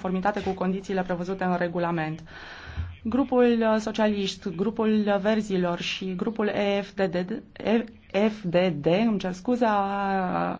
conformitate cu condițiile prevăzute în regulament. Grupul uh, socialist, grupul verzilor și grupul EFDD, EFDD îmi cer scuze, a